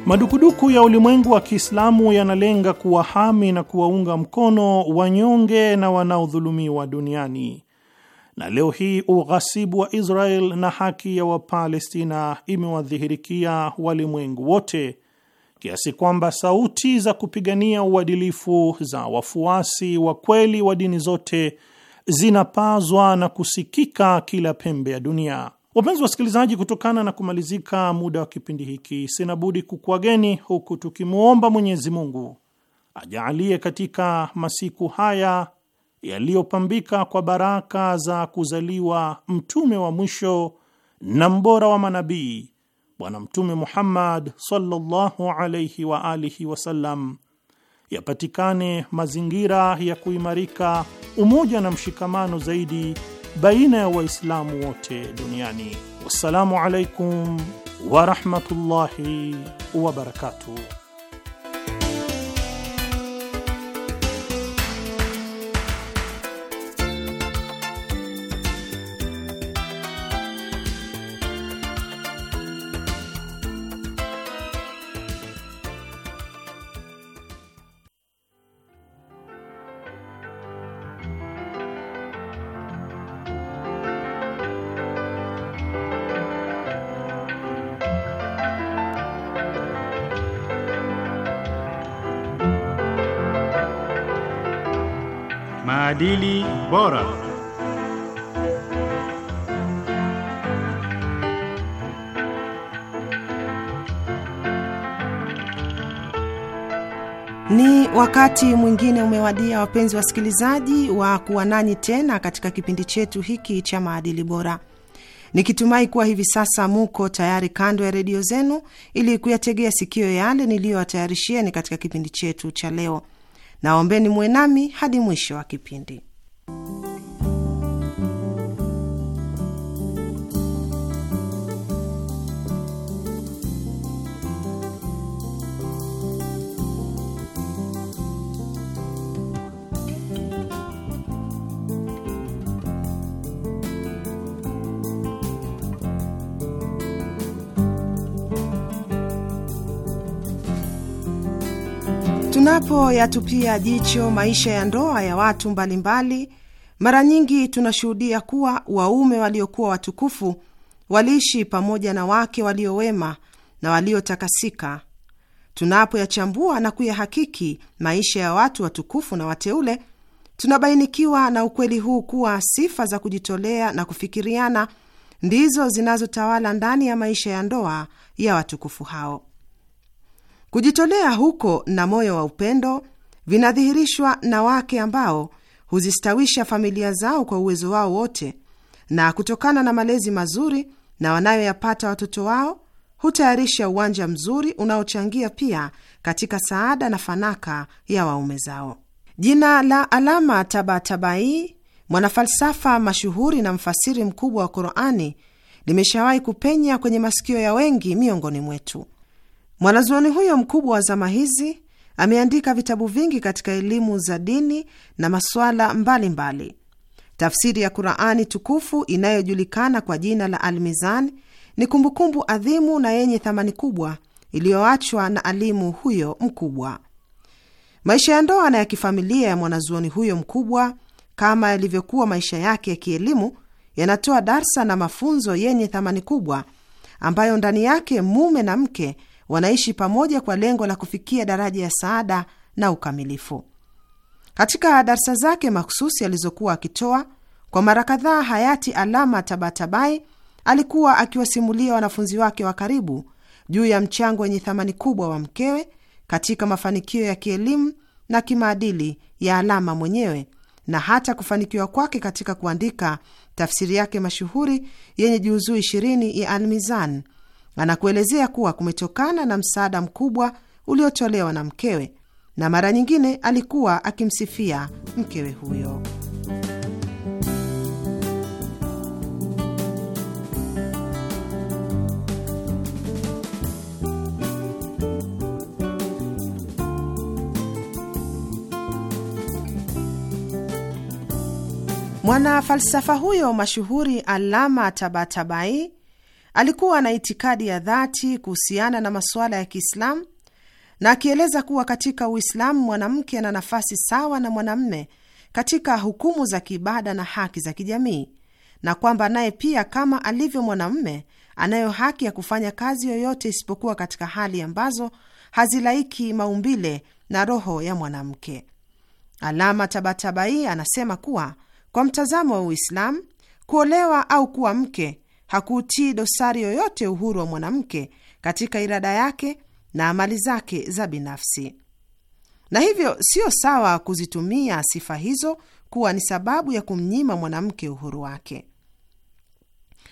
Madukuduku ya ulimwengu wa Kiislamu yanalenga kuwahami na kuwaunga mkono wanyonge na wanaodhulumiwa duniani, na leo hii ughasibu wa Israel na haki ya Wapalestina imewadhihirikia walimwengu wote kiasi kwamba sauti za kupigania uadilifu za wafuasi wa kweli wa dini zote zinapazwa na kusikika kila pembe ya dunia. Wapenzi wasikilizaji, kutokana na kumalizika muda wa kipindi hiki, sina budi kukuageni huku tukimwomba Mwenyezi Mungu ajaalie katika masiku haya yaliyopambika kwa baraka za kuzaliwa mtume wa mwisho na mbora wa manabii Bwana Mtume Muhammad sallallahu alayhi wa alihi wasallam, yapatikane mazingira ya kuimarika umoja na mshikamano zaidi baina ya Waislamu wote duniani. Wassalamu alaikum warahmatullahi wabarakatuh. Ni wakati mwingine umewadia, wapenzi wasikilizaji, wa kuwa nanyi tena katika kipindi chetu hiki cha maadili bora, nikitumai kuwa hivi sasa muko tayari kando ya redio zenu ili kuyategea sikio yale niliyowatayarishieni katika kipindi chetu cha leo. Naombeni mwe nami hadi mwisho wa kipindi. Tunapoyatupia jicho maisha ya ndoa ya watu mbalimbali, mara nyingi tunashuhudia kuwa waume waliokuwa watukufu waliishi pamoja na wake waliowema na waliotakasika. Tunapoyachambua na kuyahakiki maisha ya watu watukufu na wateule, tunabainikiwa na ukweli huu kuwa sifa za kujitolea na kufikiriana ndizo zinazotawala ndani ya maisha ya ndoa ya watukufu hao. Kujitolea huko na moyo wa upendo vinadhihirishwa na wake ambao huzistawisha familia zao kwa uwezo wao wote, na kutokana na malezi mazuri na wanayoyapata watoto wao hutayarisha uwanja mzuri unaochangia pia katika saada na fanaka ya waume zao. Jina la Alama Tabatabai, mwanafalsafa mashuhuri na mfasiri mkubwa wa Qurani, limeshawahi kupenya kwenye masikio ya wengi miongoni mwetu. Mwanazuoni huyo mkubwa wa zama hizi ameandika vitabu vingi katika elimu za dini na masuala mbalimbali. Tafsiri ya Qurani tukufu inayojulikana kwa jina la Almizan ni kumbukumbu adhimu na yenye thamani kubwa iliyoachwa na alimu huyo mkubwa. Maisha ya ndoa na ya kifamilia ya mwanazuoni huyo mkubwa, kama yalivyokuwa maisha yake ya kielimu, yanatoa darsa na mafunzo yenye thamani kubwa ambayo ndani yake mume na mke wanaishi pamoja kwa lengo la kufikia daraja ya saada na ukamilifu. Katika darsa zake makhususi alizokuwa akitoa kwa mara kadhaa, hayati Alama Tabatabai alikuwa akiwasimulia wanafunzi wake wa karibu juu ya mchango wenye thamani kubwa wa mkewe katika mafanikio ya kielimu na kimaadili ya Alama mwenyewe na hata kufanikiwa kwake katika kuandika tafsiri yake mashuhuri yenye juzuu ishirini ya Almizan Anakuelezea kuwa kumetokana na msaada mkubwa uliotolewa na mkewe, na mara nyingine alikuwa akimsifia mkewe huyo. Mwanafalsafa huyo mashuhuri Alama Tabatabai Alikuwa na itikadi ya dhati kuhusiana na masuala ya Kiislamu na akieleza kuwa katika Uislamu mwanamke ana nafasi sawa na mwanamme katika hukumu za kiibada na haki za kijamii, na kwamba naye pia kama alivyo mwanamme anayo haki ya kufanya kazi yoyote isipokuwa katika hali ambazo hazilaiki maumbile na roho ya mwanamke. Alama Tabatabai anasema kuwa kwa mtazamo wa Uislamu, kuolewa au kuwa mke hakuutii dosari yoyote uhuru wa mwanamke katika irada yake na amali zake za binafsi, na hivyo siyo sawa kuzitumia sifa hizo kuwa ni sababu ya kumnyima mwanamke uhuru wake.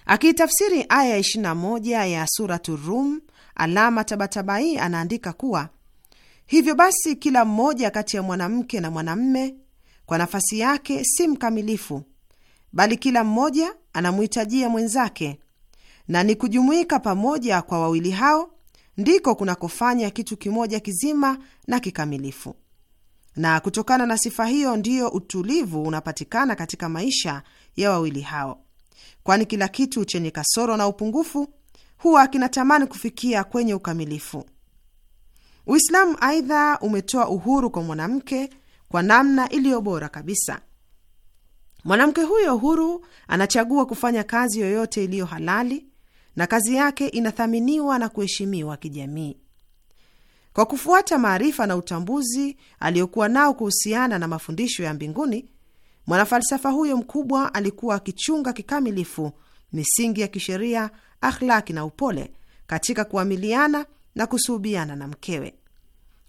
Akiitafsiri aya 21 ya suratu Rum, Alama Tabatabai anaandika kuwa hivyo basi, kila mmoja kati ya mwanamke na mwanamme kwa nafasi yake si mkamilifu bali kila mmoja anamhitajia mwenzake, na ni kujumuika pamoja kwa wawili hao ndiko kunakofanya kitu kimoja kizima na kikamilifu. Na kutokana na sifa hiyo, ndiyo utulivu unapatikana katika maisha ya wawili hao, kwani kila kitu chenye kasoro na upungufu huwa kinatamani kufikia kwenye ukamilifu. Uislamu aidha umetoa uhuru kwa mwanamke kwa namna iliyo bora kabisa. Mwanamke huyo huru anachagua kufanya kazi yoyote iliyo halali na kazi yake inathaminiwa na kuheshimiwa kijamii. Kwa kufuata maarifa na utambuzi aliyokuwa nao kuhusiana na mafundisho ya mbinguni, mwanafalsafa huyo mkubwa alikuwa akichunga kikamilifu misingi ya kisheria, akhlaki na upole katika kuamiliana na kusuhubiana na mkewe.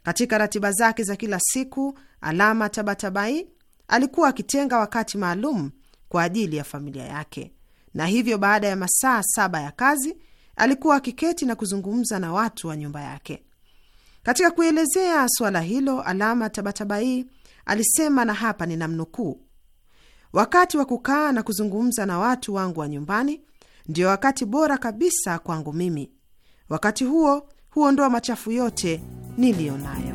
Katika ratiba zake za kila siku, Alama Tabatabai alikuwa akitenga wakati maalum kwa ajili ya familia yake, na hivyo baada ya masaa saba ya kazi alikuwa akiketi na kuzungumza na watu wa nyumba yake. Katika kuelezea suala hilo, Alama Tabatabai alisema, na hapa ni namnukuu: wakati wa kukaa na kuzungumza na watu wangu wa nyumbani ndio wakati bora kabisa kwangu mimi. Wakati huo huondoa machafu yote niliyo nayo.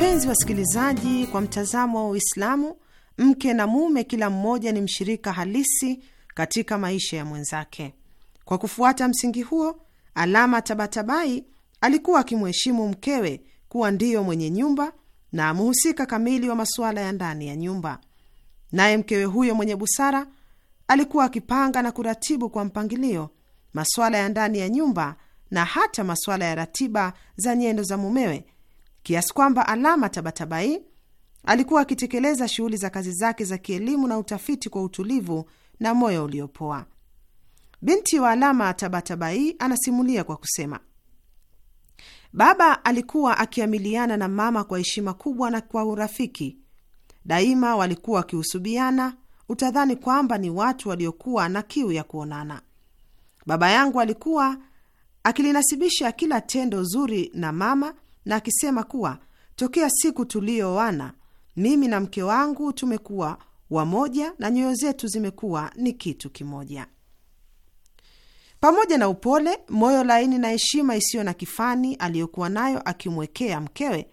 Wapenzi wasikilizaji, kwa mtazamo wa Uislamu, mke na mume kila mmoja ni mshirika halisi katika maisha ya mwenzake. Kwa kufuata msingi huo, Alama Tabatabai alikuwa akimheshimu mkewe kuwa ndiyo mwenye nyumba na mhusika kamili wa masuala ya ndani ya nyumba. Naye mkewe huyo mwenye busara alikuwa akipanga na kuratibu kwa mpangilio masuala ya ndani ya nyumba na hata masuala ya ratiba za nyendo za mumewe kiasi kwamba Alama Tabatabai alikuwa akitekeleza shughuli za kazi zake za kielimu na utafiti kwa utulivu na moyo uliopoa. Binti wa Alama Tabatabai anasimulia kwa kusema, baba alikuwa akiamiliana na mama kwa heshima kubwa na kwa urafiki daima. Walikuwa wakihusubiana, utadhani kwamba ni watu waliokuwa na kiu ya kuonana. Baba yangu alikuwa akilinasibisha kila tendo zuri na mama na akisema kuwa tokea siku tuliyoana mimi na mke wangu tumekuwa wamoja na nyoyo zetu zimekuwa ni kitu kimoja. Pamoja na upole, moyo laini na heshima isiyo na kifani aliyokuwa nayo akimwekea mkewe.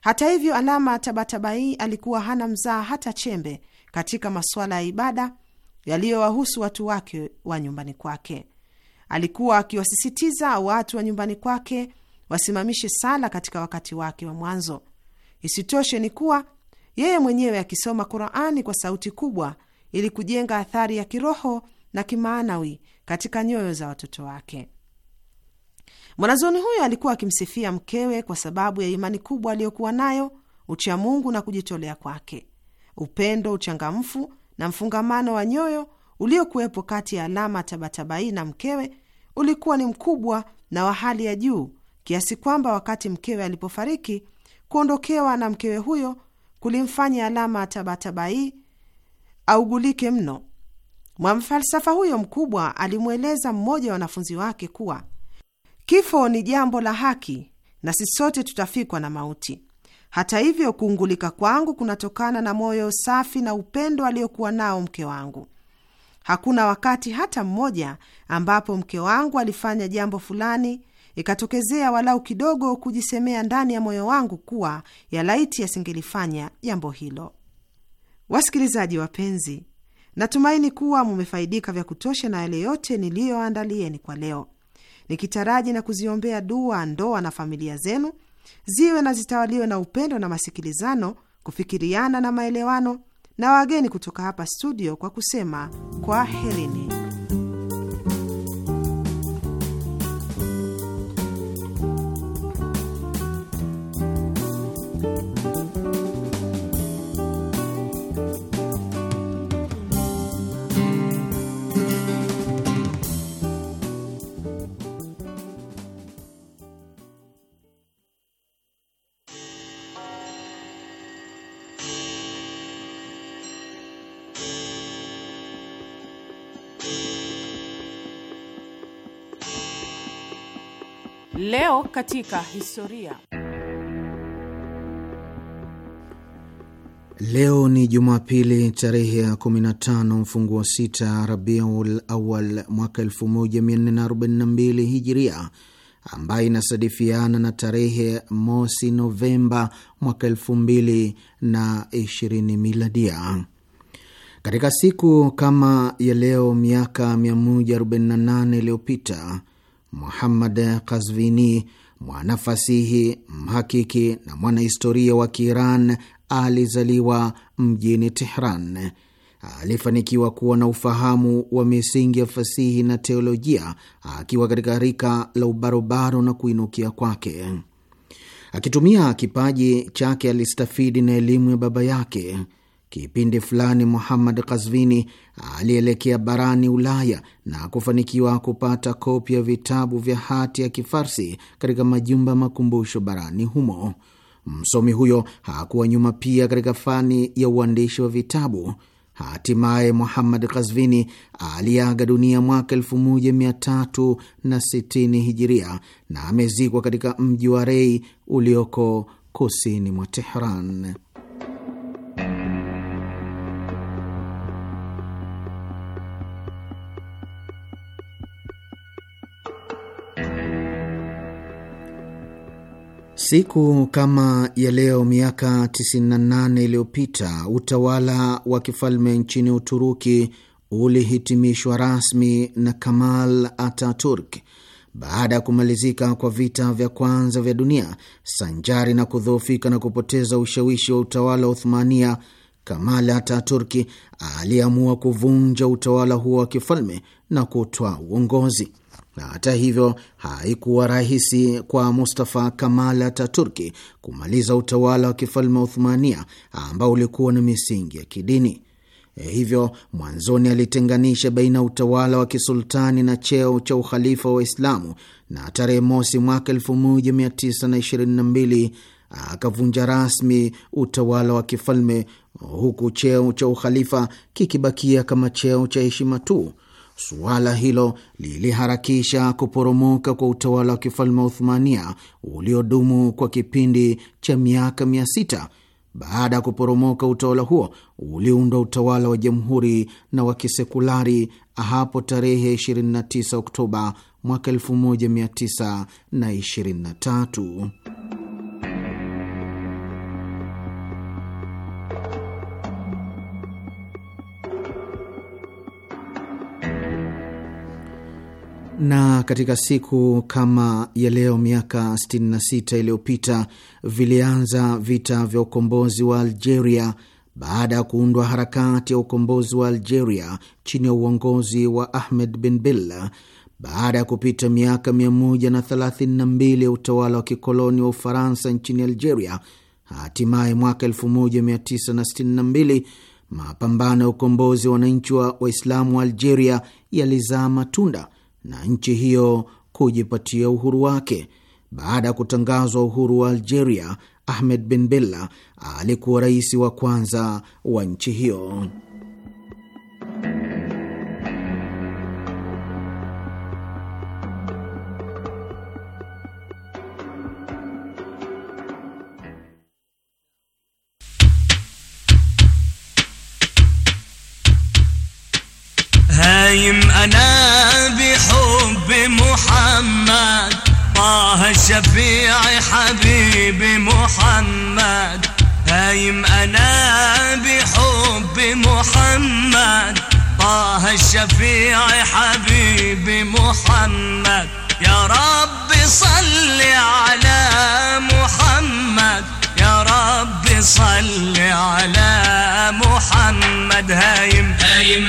Hata hivyo, Alama Tabataba hii alikuwa hana mzaa hata chembe katika masuala ya ibada yaliyowahusu watu wake wa nyumbani kwake. Alikuwa akiwasisitiza watu wa nyumbani kwake wasimamishe sala katika wakati wake wa mwanzo. Isitoshe ni kuwa yeye mwenyewe akisoma Qurani kwa sauti kubwa ili kujenga athari ya kiroho na kimaanawi katika nyoyo za watoto wake. mwanazoni huyo alikuwa akimsifia mkewe kwa sababu ya imani kubwa aliyokuwa nayo, uchamungu na kujitolea kwake, upendo, uchangamfu na mfungamano wa nyoyo uliokuwepo kati ya Alama Tabatabai na mkewe ulikuwa ni mkubwa na wa hali ya juu kiasi kwamba wakati mkewe alipofariki, kuondokewa na mkewe huyo kulimfanya Alama Tabatabai augulike mno. mwamfalsafa huyo mkubwa alimweleza mmoja wa wanafunzi wake kuwa kifo ni jambo la haki na sisi sote tutafikwa na mauti. Hata hivyo, kuungulika kwangu kunatokana na moyo safi na upendo aliyokuwa nao mke wangu. Hakuna wakati hata mmoja ambapo mke wangu alifanya jambo fulani ikatokezea walau kidogo kujisemea ndani ya moyo wangu kuwa ya laiti yasingelifanya jambo hilo. Wasikilizaji wapenzi, natumaini kuwa mumefaidika vya kutosha na yale yote niliyoandalieni kwa leo, nikitaraji na kuziombea dua ndoa na familia zenu ziwe na zitawaliwe na upendo na masikilizano, kufikiriana na maelewano, na wageni kutoka hapa studio kwa kusema herini. Leo katika historia. Leo ni Jumapili tarehe ya 15 mfunguo sita Rabiul Awal mwaka 1442 Hijiria, ambayo inasadifiana na tarehe mosi Novemba mwaka 2020 Miladia. Katika siku kama ya leo miaka 148 iliyopita Muhammad Kazvini, mwanafasihi, mhakiki na mwanahistoria wa Kiiran, alizaliwa mjini Tehran. Alifanikiwa kuwa na ufahamu wa misingi ya fasihi na teolojia akiwa katika rika la ubarobaro na kuinukia kwake. Akitumia kipaji chake, alistafidi na elimu ya baba yake. Kipindi fulani Muhammad Kazvini alielekea barani Ulaya na kufanikiwa kupata kopi ya vitabu vya hati ya Kifarsi katika majumba ya makumbusho barani humo. Msomi huyo hakuwa nyuma pia katika fani ya uandishi wa vitabu. Hatimaye Muhammad Kazvini aliaga dunia mwaka 1360 Hijiria na amezikwa katika mji wa Rei ulioko kusini mwa Tehran. Siku kama ya leo miaka 98 iliyopita utawala wa kifalme nchini Uturuki ulihitimishwa rasmi na Kamal Ataturk baada ya kumalizika kwa vita vya kwanza vya dunia, sanjari na kudhoofika na kupoteza ushawishi wa utawala wa Uthmania. Kamal Ataturki aliamua kuvunja utawala huo wa kifalme na kutoa uongozi na hata hivyo haikuwa rahisi kwa Mustafa Kamal Ataturki kumaliza utawala wa kifalme wa Uthmania ambao ulikuwa na misingi ya kidini. E, hivyo mwanzoni alitenganisha baina ya utawala wa kisultani na cheo cha ukhalifa wa Waislamu, na tarehe mosi mwaka 1922 akavunja rasmi utawala wa kifalme huku cheo cha ukhalifa kikibakia kama cheo cha heshima tu Suala hilo liliharakisha kuporomoka kwa utawala wa kifalme wa Uthmania uliodumu kwa kipindi cha miaka mia sita. Baada ya kuporomoka utawala huo, uliundwa utawala wa jamhuri na wa kisekulari hapo tarehe 29 Oktoba mwaka 1923. Na katika siku kama ya leo miaka 66 iliyopita vilianza vita vya ukombozi wa Algeria baada ya kuundwa harakati ya ukombozi wa Algeria chini ya uongozi wa Ahmed bin Bella baada ya kupita miaka 132 ya utawala wa kikoloni wa Ufaransa nchini Algeria. Hatimaye mwaka 1962 mapambano ya ukombozi wa wananchi wa Waislamu wa Algeria yalizaa matunda na nchi hiyo kujipatia uhuru wake. Baada ya kutangazwa uhuru wa Algeria, Ahmed Ben Bella alikuwa rais wa kwanza wa nchi hiyo. Hayim ana الله شفيعي حبيبي محمد هايم أنا بحب محمد طه الشفيعي حبيبي محمد يا رب صل على محمد يا رب صل على محمد هايم هايم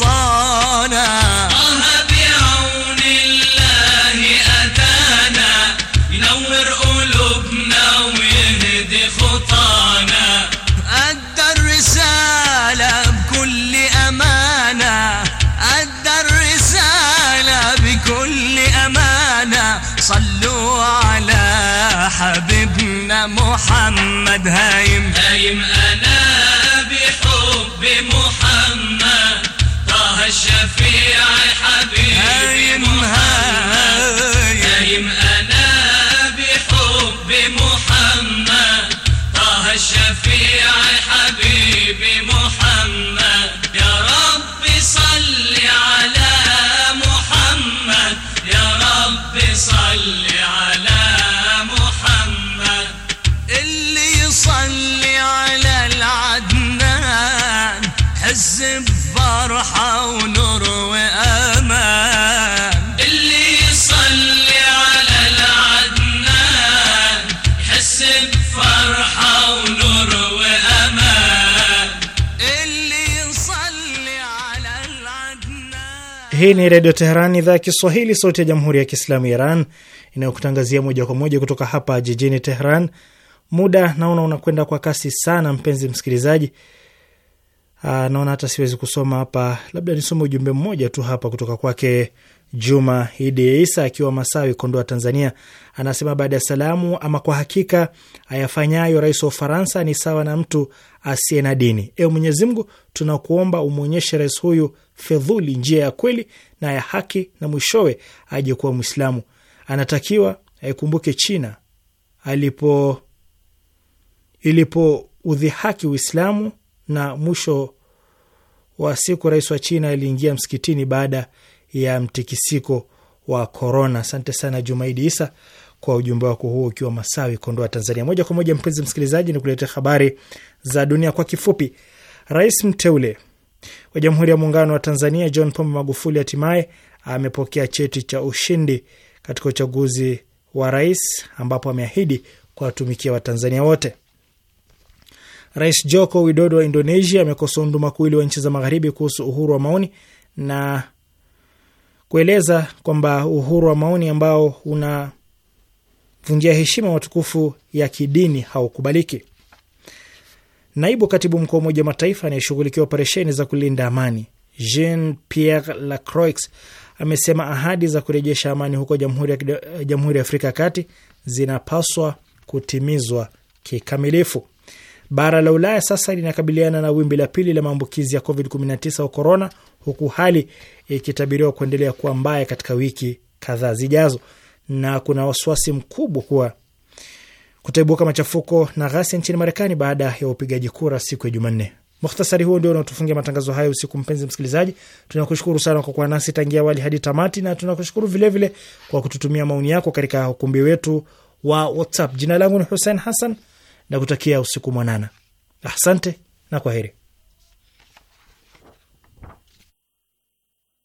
سلطانا طه بعون الله أتانا ينور قلوبنا ويهدي خطانا أدى الرسالة بكل أمانة أدى الرسالة بكل أمانة صلوا على حبيبنا محمد هايم هايم Chef. Hii ni Redio Teheran, idhaa ya Kiswahili, sauti ya Jamhuri ya Kiislamu ya Iran, inayokutangazia moja kwa moja kutoka hapa jijini Teheran. Muda naona unakwenda kwa kasi sana, mpenzi msikilizaji. Ah, naona hata siwezi kusoma hapa, labda nisome ujumbe mmoja tu hapa kutoka kwake Juma Idi Isa akiwa Masawi, Kondoa, Tanzania, anasema baada ya salamu, ama kwa hakika ayafanyayo rais wa Ufaransa ni sawa na mtu asiye na dini. Ewe Mwenyezi Mungu, tunakuomba umwonyeshe rais huyu fedhuli, njia ya kweli na ya haki, na mwishowe aje kuwa Mwislamu. Anatakiwa aikumbuke China alipo ilipo udhihaki Uislamu, na mwisho wa siku rais wa China aliingia msikitini baada ya mtikisiko wa korona. Asante sana Jumaidi Isa kwa ujumbe wako huo, ukiwa Masawi, Kondoa, Tanzania. Moja kwa moja, mpenzi msikilizaji, ni kuletea habari za dunia kwa kifupi. Rais mteule wa Jamhuri ya Muungano wa Tanzania John Pombe Magufuli hatimaye amepokea cheti cha ushindi katika uchaguzi wa rais, ambapo ameahidi kuwatumikia Watanzania wote. Rais Joko Widodo wa Indonesia amekosoa unduma kuwili wa nchi za magharibi kuhusu uhuru wa maoni na kueleza kwamba uhuru wa maoni ambao unavunjia heshima matukufu ya kidini haukubaliki. Naibu katibu mkuu wa Umoja wa Mataifa anayeshughulikia operesheni za kulinda amani Jean Pierre Lacroix amesema ahadi za kurejesha amani huko Jamhuri ya Jamhuri ya Afrika ya Kati zinapaswa kutimizwa kikamilifu. Bara la Ulaya sasa linakabiliana na wimbi la pili la maambukizi ya COVID-19 au korona, huku hali ikitabiriwa kuendelea kuwa mbaya katika wiki kadhaa zijazo, na kuna wasiwasi mkubwa kuwa kutaibuka machafuko na ghasia nchini Marekani baada ya upigaji kura siku ya Jumanne. Mukhtasari huo ndio unaotufungia matangazo hayo usiku. Mpenzi msikilizaji, tunakushukuru sana kwa kuwa nasi tangia awali hadi tamati, na tunakushukuru vilevile kwa kututumia maoni yako katika ukumbi wetu wa WhatsApp. Jina langu ni Hussein Hassan na kutakia usiku mwanana. Asante na kwaheri.